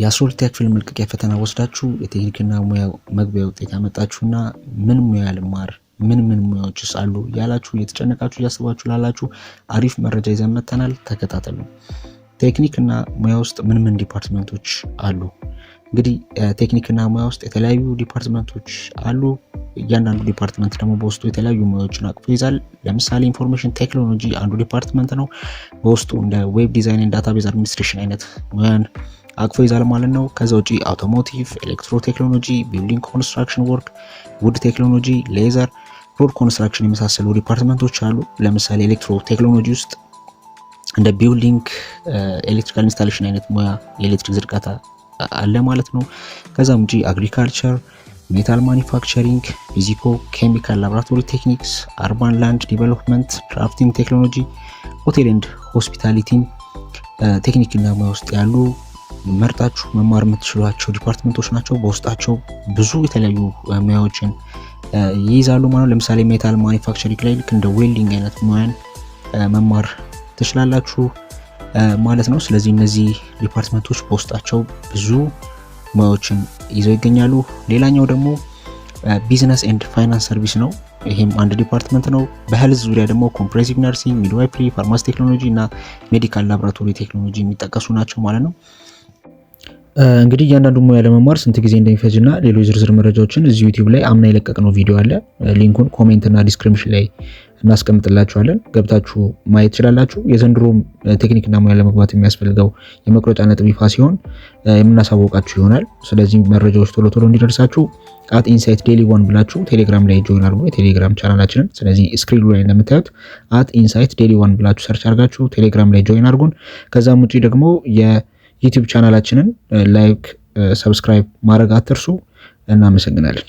የአስሮልቲያ ክፍል መልቀቂያ ፈተና ወስዳችሁ የቴክኒክና ሙያ መግቢያ ውጤት ያመጣችሁና ምን ሙያ ልማር ምን ምን ሙያዎችስ አሉ ያላችሁ እየተጨነቃችሁ እያስባችሁ ላላችሁ አሪፍ መረጃ ይዘን መተናል ተከታተሉ። ቴክኒክና ሙያ ውስጥ ምን ምን ዲፓርትመንቶች አሉ? እንግዲህ ቴክኒክና ሙያ ውስጥ የተለያዩ ዲፓርትመንቶች አሉ። እያንዳንዱ ዲፓርትመንት ደግሞ በውስጡ የተለያዩ ሙያዎችን አቅፎ ይዛል። ለምሳሌ ኢንፎርሜሽን ቴክኖሎጂ አንዱ ዲፓርትመንት ነው። በውስጡ እንደ ዌብ ዲዛይን፣ ዳታቤዝ አድሚኒስትሬሽን አይነት ሙያን አቅፎ ይዛል ማለት ነው። ከዛ ውጪ አውቶሞቲቭ፣ ኤሌክትሮ ቴክኖሎጂ፣ ቢልዲንግ ኮንስትራክሽን ወርክ፣ ውድ ቴክኖሎጂ፣ ሌዘር፣ ሮድ ኮንስትራክሽን የመሳሰሉ ዲፓርትመንቶች አሉ። ለምሳሌ ኤሌክትሮ ቴክኖሎጂ ውስጥ እንደ ቢልዲንግ ኤሌክትሪካል ኢንስታሌሽን አይነት ሙያ የኤሌክትሪክ ዝርጋታ አለ ማለት ነው። ከዛም ውጪ አግሪካልቸር፣ ሜታል ማኒፋክቸሪንግ፣ ፊዚኮ ኬሚካል ላቦራቶሪ ቴክኒክስ፣ አርባን ላንድ ዲቨሎፕመንት፣ ድራፍቲንግ ቴክኖሎጂ፣ ሆቴል ኤንድ ሆስፒታሊቲን ቴክኒክና ሙያ ውስጥ ያሉ መርጣችሁ መማር የምትችሏቸው ዲፓርትመንቶች ናቸው። በውስጣቸው ብዙ የተለያዩ ሙያዎችን ይይዛሉ ማለት ለምሳሌ ሜታል ማኒፋክቸሪንግ ላይ ልክ እንደ ዌልዲንግ አይነት ሙያን መማር ትችላላችሁ ማለት ነው። ስለዚህ እነዚህ ዲፓርትመንቶች በውስጣቸው ብዙ ሙያዎችን ይዘው ይገኛሉ። ሌላኛው ደግሞ ቢዝነስ ኤንድ ፋይናንስ ሰርቪስ ነው። ይህም አንድ ዲፓርትመንት ነው። በህልዝ ዙሪያ ደግሞ ኮምፕሬሲቭ ነርሲንግ፣ ሚድዋይፕሪ፣ ፋርማሲ ቴክኖሎጂ እና ሜዲካል ላብራቶሪ ቴክኖሎጂ የሚጠቀሱ ናቸው ማለት ነው። እንግዲህ እያንዳንዱ ሙያ ለመማር ስንት ጊዜ እንደሚፈጅና ሌሎች ዝርዝር መረጃዎችን እዚህ ዩቲዩብ ላይ አምና የለቀቅነው ቪዲዮ አለ። ሊንኩን ኮሜንት እና ዲስክሪፕሽን ላይ እናስቀምጥላችኋለን። ገብታችሁ ማየት ትችላላችሁ። የዘንድሮም ቴክኒክና ሙያ ለመግባት የሚያስፈልገው የመቁረጫ ነጥብ ይፋ ሲሆን የምናሳወቃችሁ ይሆናል። ስለዚህ መረጃዎች ቶሎ ቶሎ እንዲደርሳችሁ አት ኢንሳይት ዴሊ ዋን ብላችሁ ቴሌግራም ላይ ጆይን አድርጉ፣ የቴሌግራም ቻናላችንን። ስለዚህ ስክሪኑ ላይ እንደምታዩት አት ኢንሳይት ዴሊ ዋን ብላችሁ ሰርች አድርጋችሁ ቴሌግራም ላይ ጆይን አድርጉን። ከዛም ውጪ ደግሞ ዩቲዩብ ቻናላችንን ላይክ፣ ሰብስክራይብ ማድረግ አትርሱ። እናመሰግናለን።